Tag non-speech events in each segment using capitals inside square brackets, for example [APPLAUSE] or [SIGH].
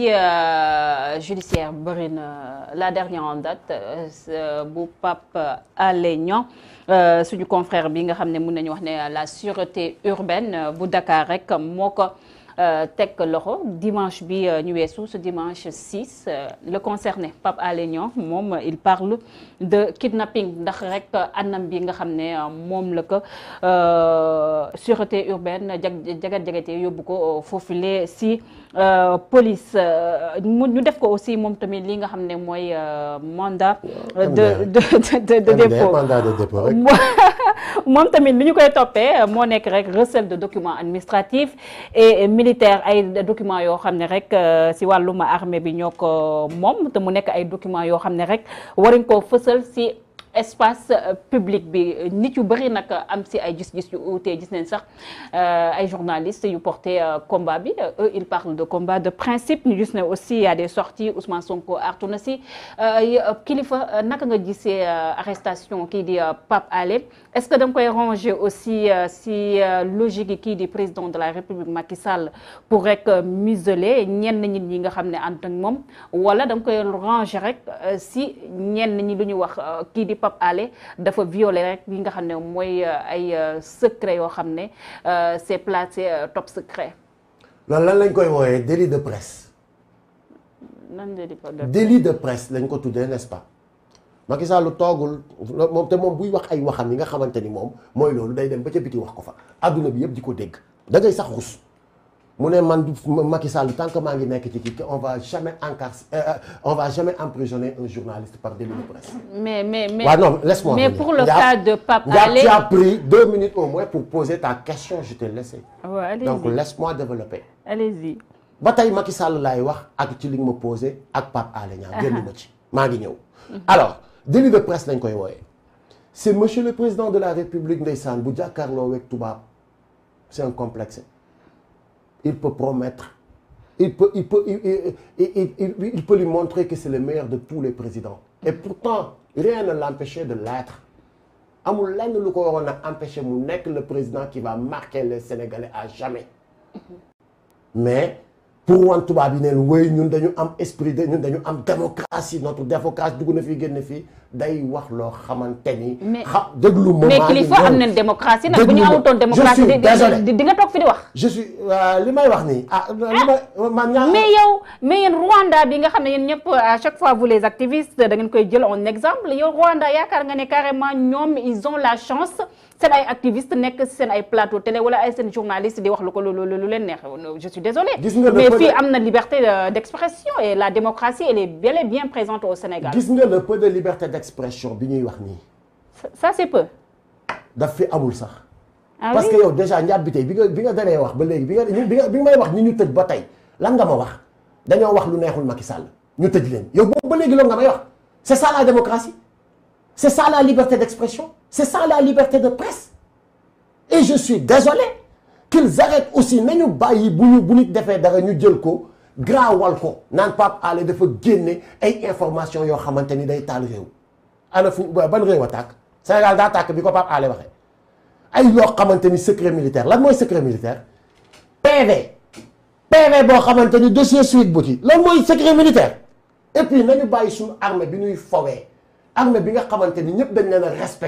Euh, judiciaire bëri na euh, la dernière en date euh, bu Pape Alé Niang suñu confrère bi nga xam ne mun nañu wax ne la sûreté urbaine bu Dakar rek moo ko Euh, teg loxo dimanche bi euh, ñu weesu ce dimanche 6 euh, le concerné Pape Alé Niang moom il parle de kidnapping ndax rek anam bi nga xam ne moom la ko sûreté urbaine jag jagat jagate yóbbu ko foofule si police ñu def ko aussi moom tamit li nga xam ne mooy mandat de de de de dépôt mandat de [LAUGHS] moom tamit li ñu koy toppee moo nekk rek recel de documents administratifs et militaire ay documents yoo xam ne rek euh, si wàllum armée bi ñoo ko moom te mu nekk ay document yoo xam ne rek wariñ koo fësal si espace euh, public bi euh, nit yu bëri nag am si ay gis-gis yu uute gis nañ sax euh, ay journalistes yu porté combat bi eux ils de combat de principe ñu gis ne aussi y a des sorties Ousmane Sonko artu na si kilifa naka nga gisee arrestation kii di Pape Alé est-ce que da koy ranger aussi si logique yi kii di président de la République Macky Sall pour rek museler ñenn nit ñi nga xam ne ànd ak moom ñi wax kii di Pape Alé dafa violé rek yi nga xam ne mooy euh, ay euh, secret yoo xam ne euh, c'est placé top secret. loolu lan lañ koy wooyee délit de presse. nan délit de presse lañ ko tuddee n'est-ce pas. Macky Sall toogul moom te moom buy wax ay waxam yi nga xamante ni moom mooy loolu day dem ba ca biti wax ko fa adduna bi yëpp di ko dégg da ngay sax rus. mu ne man Macky Sall tant que maa ngi nekk ci kii que on va jamais encarcer euh, euh, on va jamais emprisonner un journaliste par délit de presse. mais mais mais waaw non laisse-moi pour le cas de Pape Alé deux minutes au moins pour poser ta question je t'ai laissé. waaw donc laisse-moi développer. allez-y. ba tey Macky Sall laay wax ak ci li nga ma posé ak Pape Alé na génn ma ci maa ngi ñëw. alors délit de presse lañ koy wooyee. c'est monsieur le président de la République ndeysaan bu jàkkaarloo weeg tubaab c'est un complexe. il peut promettre. Il peut, il peut, il, il, il peut lui montrer que c'est le meilleur de tous les présidents. Et pourtant, rien ne l'empêchait de l'être. amul lenn lu ko waroon a empêché mu nekk le président qui va marquer les Sénégalais à jamais mais pour wan tubaab yi neen wéy ñun dañu am esprit de ñun dañu am démocratie notre démocratie dugg na fii génn fii day wax loo xamante ni. xa déglu moment mais kilifa am nañ démocratie nag bu ñu amutoon wax. je suis euh, li may wax nii. ah, ah. man Rwanda bi nga xam ne yéen ñëpp à chaque fois vous les activistes da ngeen koy jël en exemple yow Rwanda yaakaar nga ne carrément ñoom ils ont la chance seen ay activistes nekk seen ay plateau télé wala ay seen journaliste di wax lu ko lu lu leen neex je suis désolé. mais fii am na liberté euh, d'expression et la démocratie elle est bel et bien présente expression bi ñuy wax nii. ça c'est peu. daf fi amul sax. Ah parce que yow déjà njàpp tey bi nga bi nga daree wax ba léegi bi nga bi nga bi may wax ñi ñu tëj ba tey lan nga ma wax dañoo wax lu neexul Macky Sall ñu tëj leen yow boobu ba léegi loolu nga may wax c'est ça la démocratie c'est ça la liberté d'expression c'est ça la liberté de presse et je suis désolé qu'ils arrêtent aussi nañu bàyyi bu ñu bu nit defee dara ñu jël ko graawal ko naan Pape Alé dafa génne ay information yoo xamante ni day taal réew ana fu ban réew a tàkk Sénégal daa tàkk bi ko Pape Alé waxee ay loo xamante ni secret militaire la mooy secret militaire PV PV boo xamante ni dossier suite bu ci lan mooy secret militaire et puis nañu bàyyi suñu armée bi ñuy fowee armée bi nga xamante ni ñëpp dañ leen a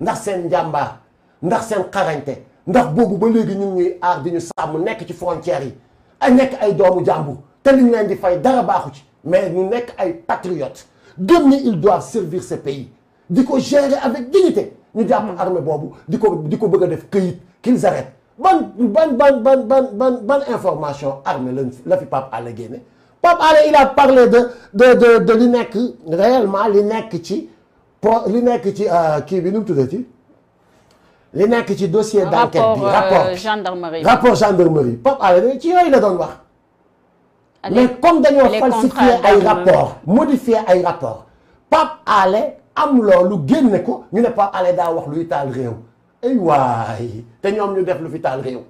ndax seen njàmbaar ndax seen xarañte ndax boobu ba léegi ñu ngi aar di ñu sàmm nekk ci frontières yi ay nekk ay doomu jàmbur te liñ leen di fay dara baaxu ci mais ñu nekk ay patriotes gëm ni il doit servir ce pays di ko gérer avec dignité ñu jàpp hmm. armée boobu di ko di ko bëgg a def këyit qu'ils arrêtent ban ban ban ban ban ban ban information armée la la fi Pape Alé génne Pape Alé il a parlé de de de de li nekk réellement li nekk ci pro li nekk ci euh, kii bi nu mu tuddati ci dossier d'enquête bi rapport euh, gendarmerie rapport gendarmerie Pape ci yooyu la doon wax mais comme dañoo falsifier ay rapport modifier ay rapport Pape Alé am loolu génne ko ñu ne Pape Alé daa wax luy taal réew ay waay te ñoom ñu def lu fi taal réew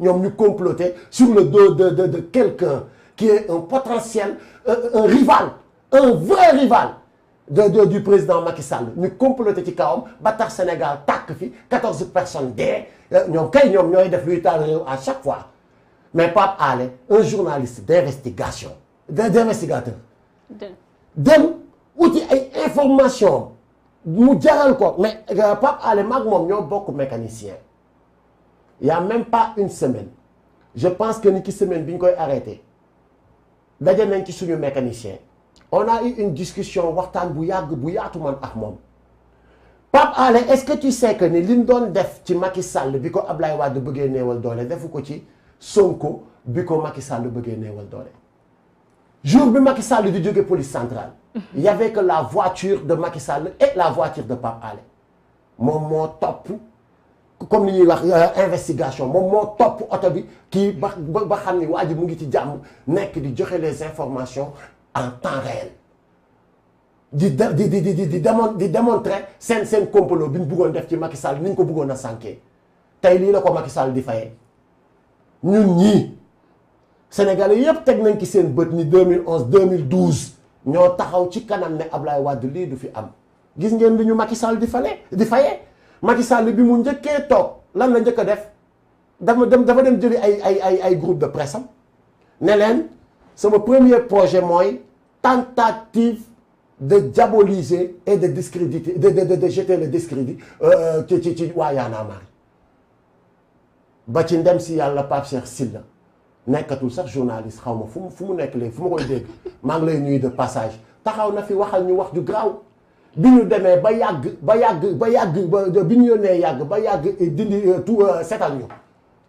ñoom ñu comploter sur le dos de de de quelqu'un qui est un potentiel euh, un rival un vrai rival du président Macky Sall ñu comploter ci kawam ba tax Sénégal takk fi 14 personnes dee euh, ñoom kay ñoom ñooy def luy taal réew à chaque fois mais Pape Alé un journaliste d'investigation d'investigateur dem uti ay information mu jaral ko mais euh, Pape Alé maag moom ñoo bokk mécanicien ya y a même pas une semaine je pense que ni ki semaine bi ñu koy arrêté daje nañ ci suñu mécanicien on a eu une discussion waxtaan bu yàgg bu yaatu man ak moom Pape ale est-ce que tu sais que ni li ñu doon def ci Macky Sall bi ko Ablaye Wade bëggee néewal doole defu ko ci Sonko bi ko Macky Sall bëggee neewal doole jour bi Macky Sall di jóge police centrale. y avait que la voiture de Macky Sall et la voiture de Pape Alé moom moo topp comme li ñuy wax euh, investigation moom moo topp oto bi kii ba ba xam ni waa ji mu ngi ci jàmm nekk di joxe les informations en temps réel di di di di di di démontrer seen seen complot bi ñu buggoon def ci Macky Sall ni ñu ko buggoon a sànkee tey lii la ko Macky Sall di fayee. ñun ñii Sénégalais yëpp teg nañ ci seen bët ni 2011 2012 ñoo taxaw ci kanam ab Ablaye Wade lii du fi am gis ngeen li ñu Macky Sall di fale di fayee Macky Sall bi mu njëkkee toog lan la njëkk a def dafa dem dafa dem jëli ay ay ay ay groupe de presse am ne leen sama premier projet mooy tentative de diaboliser et de discréditer de de de jeter le discrédit euh, ci ci ci waa Y'en a ba ci ndem si yàlla Pape Cheikh Sylla nekkatul sax journaliste xaw ma fu mu fu mu nekk léegi fu ma koy dégg [LAUGHS] maa ngi lay nuyu de passage taxaw na fi waxal ñu wax ju garaaw bi ñu demee ba yàgg ba yàgg ba yàgg ba bi ñu nee yàgg ba yàgg eh, dindi eh, tout eh, setal ñu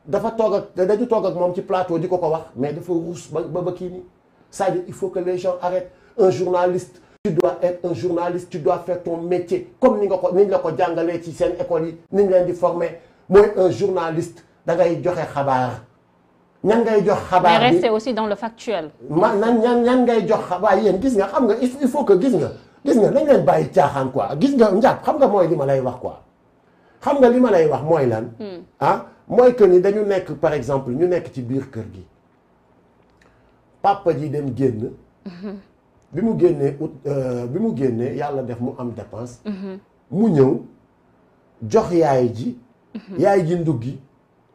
dafa toog ak dañu toog ak moom ci plateau di ko ko wax mais dafa ruus ba ba kii nii cest à il faut que les gens arrêtent un journaliste tu dois être un journaliste tu dois ton métier comme ni nga ko ni la ko jàngalee ci seen école yi leen di former mooy un da ngay joxe xabaar ñan ngay jox xabaar bi mais rester aussi dans le factuel. ma nan ñan ñan ngay jox xabaar yéen gis nga xam nga il faut que gis nga gis nga nañ leen bàyyi caaxaan quoi gis nga njàpp xam nga mooy li ma lay wax quoi xam nga li ma lay wax mooy lan. Hmm. ah mooy que ni dañu nekk par exemple ñu nekk ci biir kër gi papa ji dem génn. [LAUGHS] bi mu génnee ut euh, bi mu génnee yàlla def mu am dépense. Hmm. mu ñëw jox yaay ji. Hmm. yaay ji nduggi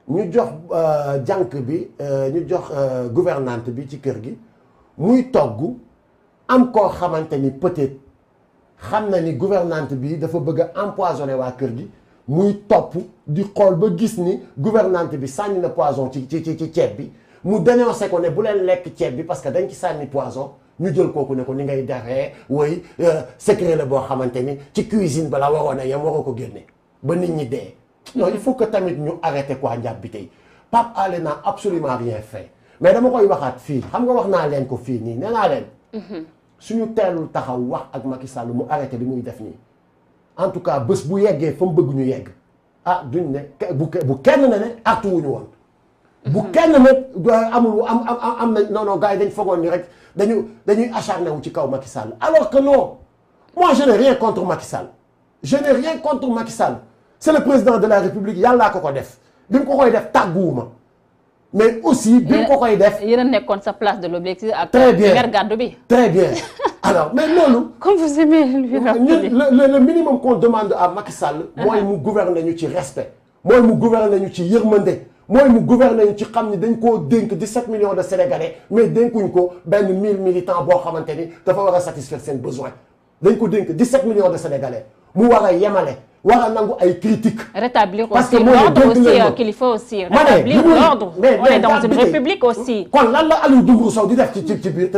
ñu jox euh, jànq bi euh, ñu jox euh, gouvernante bi ci kër gi muy togg am koo xamante ni peut-être xam na ni gouvernante bi dafa bëgg a empoisonné waa kër gi muy topp di xool ba gis ni gouvernante bi sànni na poison ci ci ci ceeb bi mu dénoncé ko ne bu leen lekk ceeb bi parce que dañ ci sànni poison ñu jël kooku ne ko ni ngay defee woy secret la boo xamante ni ci cuisine bala waroon a yam waroo ko génne ba nit ñi dee non il faut que tamit ñu arrêté quoi bi tey Pape Alé n'a absolument rien fait mais dama koy waxaat fii xam nga wax naa leen ko fii nii nee naa leen. Mhm. suñu teelul taxaw wax ak Macky Sall mu arrêté li muy def nii en tout cas bés bu yeggee fa mu bëgg ñu yegg ah duñ ne bu kenn ne ne artu wuñu woon. Mhm. bu kenn ne amul am am am nañ non non gars yi dañ fogoon ni rek dañu dañuy acharné wu ci kaw Macky Sall alors que non moi je n'ai rien contre Macky Sall je rien contre Macky c'est le président de la république yàllaa ko ko def bi mu ko koy def tàgguwuma mais aussi bi mu ko koy def yéen nekkoon sa place de l'objectif ak très bien mer gàddu bi très bien alors mais loolu [LAUGHS] comme vous aimez lui rappeler le le minimum qu'on demande à Macky Sall mooy mu gouverner ñu ci respect mooy mu gouverner ñu ci yërmande mooy mu gouverner ñu ci xam ni dañ koo dénk 17 millions de sénégalais mais dénkuñ ko benn 1000 militants boo xamante ni dafa war a satisfaire seen besoin dañ ko dénk 17 millions de sénégalais mu war a yemale war a nangu ay critiques. rétablir aussi l'ordre aussi kilifa euh, aussi. rétablir l'ordre on est dans une république aussi. kon lan la Aliou Dembourou Sow di def te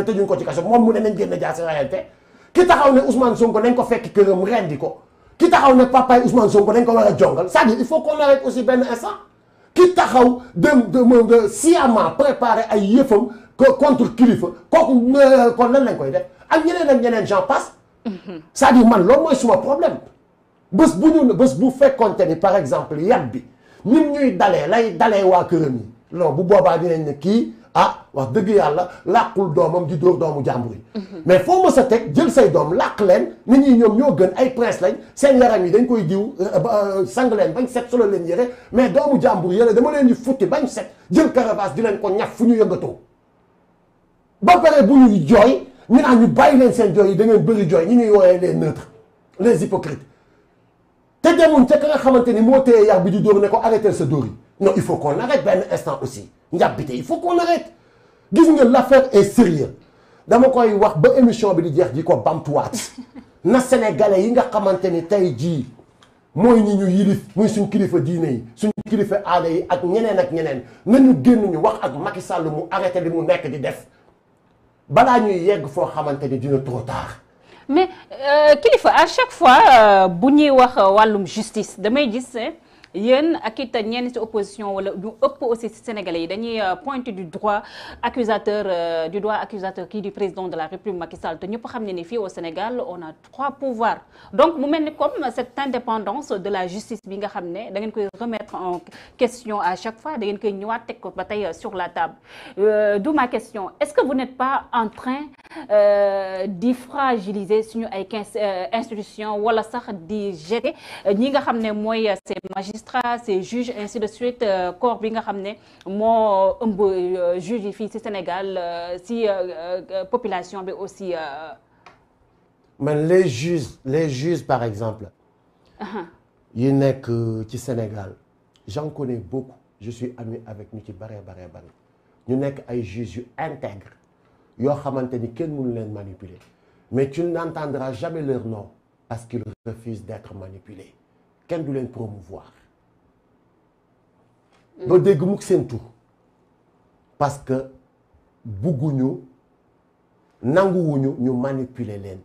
tëjuñ ko ci kaso moom mu ne nañ génn jaasi rayante ki taxaw ne Ousmane Sonko nañ ko fekk këram rendi ko ki taxaw ne papaay Ousmane Sonko dañ ko war a jongal c'est-à-dire il faut qu'on arrête aussi benn instant ki taxaw dem de sciemment préparer ay yëfam contre kilifa kooku euh, kon lan lañ koy def ak ñeneen ak ñeneen j'en passe mhm. c'est-à-dire man loolu mooy suma problème bës bu ñu bés bu fekkonte ni par exemple yat bi ñun ñuy dalee lay dale waa këram yi non bu boobaa dinañ ne kii ah wax dëgg yàlla làqul doomam di dóor doomu jàmbur yi mhm. mais foo mës teg jël say doom làq leen nit ñi ñoom ñoo gën ay prince lañ seen yaram yi dañ koy diw euh, euh, sang leen bañ set solo leen yere mais doomu jàmbur yére dama leen di futti bañ set jël caravage di leen ko ñaf fu ñu yëngatoo ba pare bu ñuy jooy ñu naan ñu bàyyi leen seen jooy yi da ngeen bëri jooy ñi ñuy wooyee les les hypocrites te demoon ca nga xamante ni moo téye yar bi di dóor ne ko arrêter sa dóor yi non il faut qu'on arrête benn instant aussi njàbbite il faut qu'on arrête gis nga l'affaire et sérieuse dama koy wax ba émission bi di jeex ji ko bamtuwaat [LAUGHS] na sénégalais yi nga xamante ni tey jii mooy ñi ñu yilif muy suñ kilifa diine yi suñ kilifa aada yi ak ñeneen ak ñeneen nañu génn ñu wax ak Macky sàll mu arrêté li mu nekk di def balaa ñuy yegg foo xamante ni dina trop tard mais euh, kilifa à chaque fois euh, bu ñuy wax euh, wàllum justice damay gis. yéen ak it ñenn ci opposition wala ñu ëpp aussi ci sénégalais yi dañuy euh, pointer du droit accusateur euh, du doigt accusateur kii du président de la république Macky Sall te ñëpp xam ne ni fii au Sénégal on a trois pouvoirs donc mu mel ni comme cette indépendance de la justice bi nga xam ne da ngeen koy remettre en question à chaque fois da ngeen koy ñëwaat teg ko ba tey euh, sur la table d'où ma question est-ce que vous n'êtes pas en train di fragiliser suñu ay institutions wala sax di jeter ñi nga xam ne mooy ces magistrats ces juges ainsi de suite euh, corps bi nga xam ne moo euh, ëmb euh, yi fii ci Sénégal si population bi aussi. man les juges les juges par exemple. yi nekk ci Sénégal j'en connais beaucoup je suis ami avec ñu ci bare bare bare ñu nekk ay juges yu intègre yoo xamante ni kenn mënu leen manipuler mais tu n'entendras jamais leur nom parce qu'ils refusent d'être manipulés kenn du leen promouvoir doo dégg mukk seen tur parce que bugguñu nanguwuñu ñu manipuler leen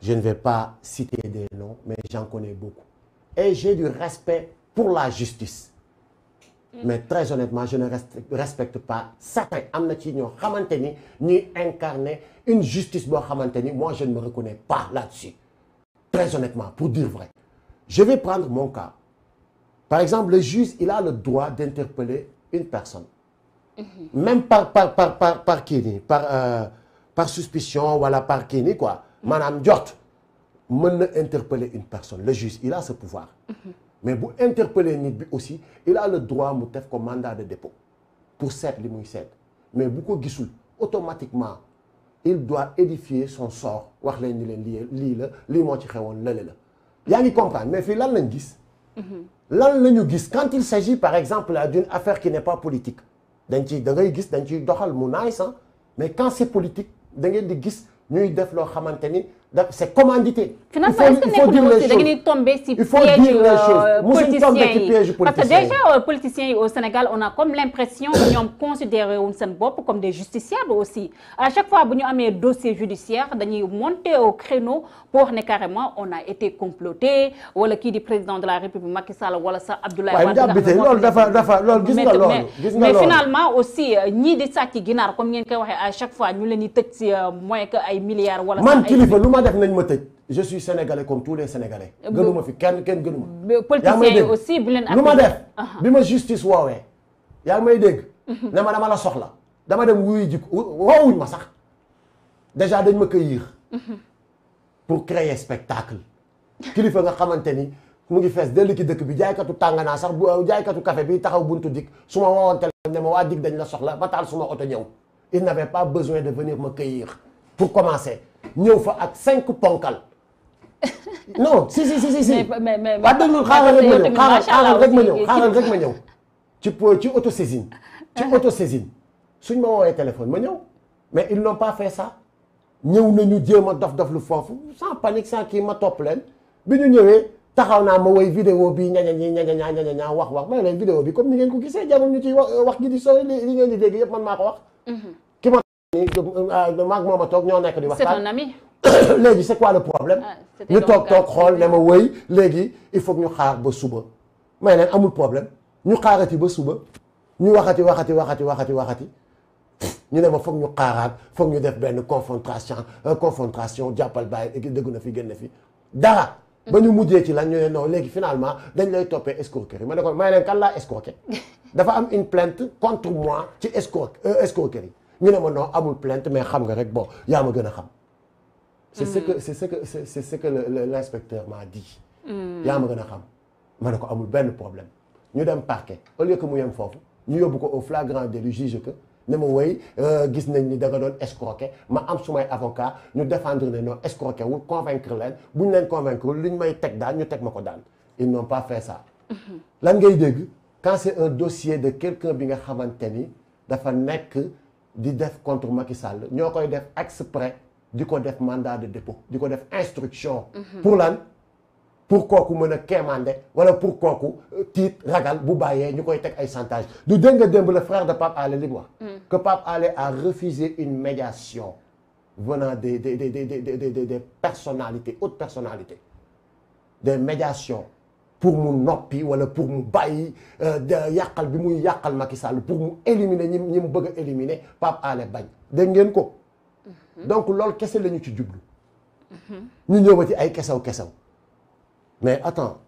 je ne vais pas citer des noms mais j'en connais beaucoup et j'ai du respect pour la justice mm. mais très honnêtement je ne respecte pas certains am na ci ñoo xamante ni ñuy incarner une justice boo xamante ni moi je ne me reconnais pas là-dessus très honnêtement pour dire vrai je vais prendre mon cas Par exemple, le juge, il a le droit d'interpeller une personne. Mm -hmm. Même par, par, par, par, par kii par, euh, par suspicion, wala par kii quoi. Mhm. maanaam jot mën na interpeller une personne. Le juge, il a ce pouvoir. Mhm. Mais bu interpeller nit aussi, il a le droit mu def ko mandat de dépôt pour seet li muy seet. Mais bu ko gisul automatiquement il doit édifier son sort wax leen ni leen lii la lii moo ci xewoon lële la ya ngi comprendre mais fii lan lañ gis. lan la ñu gis quand il s'agit par exemple d'une affaire qui n'est pas politique dañ ci da ngay gis dañ ciy doxal mu naay sax mais quand c'est politique da ngeen di gis ñuy def loo xamante ni c'est commandité. finalement est-ce que nekkul aussi da euh, parce que déjà euh, politiciens au Sénégal on a comme l'impression que considéré wuñ seen bopp comme des justiciables aussi à chaque fois bu ñu amee dossier judiciaire dañuy monter au créneau pour wax ne carrément on a été comploté wala kii di président de la République Macky Sall wala sa Abdoulaye Wade. loolu dafa dafa loolu gis nga loolu euh, comme ngeen koy waxee à chaque fois ñu le di tëj si moins que ay milliards. wala sax ay ma nañ ma tëj je suis sénégalais comme tous les sénégalais. gënuma fi kenn kenn gënuma. yaa may dégg aussi bu leen lu ma def. bi ma justice woowe yaa may dégg. Mhm. na ma dama la soxla. dama dem wuyu ji woowuñ ma sax déjà dañ ma cueillir. Mhm. pour créer spectacle. kilifa nga xamante ni mu ngi fees dellu ki dëkk bi jaaykatu naa sax bu euh, jaaykatu kafe bi taxaw buntu dik su ma woowoon téléphone ne ma waa dig dañ la soxla ma taal suma oto ñëw. il n'avait pas besoin de venir me pour commencer. ñëw fa ak cinq ponkal [LAUGHS] non si si si si si waa déglul xaaral rek ma ñëw xaaral rek ma ñëw xaaral rek ma ñëw ci ci autosaisine ci [LAUGHS] autosaisine suñ ma woowee téléphone ma ñëw mais ils n'ont pas fait ça ñëw nañu jéem a dof dof lu foofu sans panique sans kii ma topp leen bi ñu ñëwee taxaw naa ma woy vidéo bi ñaña ñi ñaña ñaa ñaña ñaa wax wax may leen vidéo bi comme ni ngeen ko gisee jarul ñu ci wax ji di sooy li ngeen di dégg yëpp man maa ko wax mhm. Ah, maag moom a toog ñoo nekk di waxtaan c'est un [COUGHS] léegi c'est quoi le problème ah, ñu toog toog xool ne ma wëy léegi il faut ñu xaar ba suba may leen amul problème ñu xaarat yi ba suba ñu waxati waxati waxati waxati waxati ñu ne ma foog ñu xaaraat foog ñu def benn confrontation euh, confrontation jàppal bàyyi dëgg na fi génn fi dara mm. ba ñu mujjee ci la ñu ne non léegi finalement dañ lay toppee escroquerie ma ne ko may leen kan laa escroqué dafa am une plainte contre moi ci escro euh, escroquerie ñu ne ma non amul plainte mais xam nga rek boo yaa ma gën a xam c'est ce mm. que c'est ce que c'est l'inspecteur m'a dit mm. yaa gën a xam ma ne ko amul benn problème ñu dem parquet au lieu que mu yem foofu ñu yóbbu ko au flagrant délit juge que ne ma woy euh, gis nañ ni da nga doon escroquer ma am su sumay avocat ñu défendre ne non escroquer wul convaincre leen bu ñu leen convaincre lu ñu may teg daan ñu teg ma ko daan ils n'ont pas fait ça mm-hmm. lan ngay dégg quand c'est un dossier de quelqu'un bi nga xamante ni dafa nekk di def contre Macky Sall ñoo koy def exprès di ko def mandat de dépôt di ko def instruction. Mhm. pour lan pour kooku mën a kéemaande wala pour kooku euh, tiit ragal bu bàyyee ñu koy teg ay chantage du dégg nga démb le frère de Pape Alé li mu wax. Mm. que Pape a refusé une médiation venant des des des des des des des personnalités hautes personnalités pour mu noppi wala pour mu bàyyi euh, yàqal bi muy yàqal Macky Sall pour mu éliminer ñi ñi mu bëgg a éliminer Pape Alé bañ dégg ngeen ko mm-hmm. donc loolu kese la ñu ci jublu mm-hmm. ñu ñëw ba ci ay kesew kesew mais attends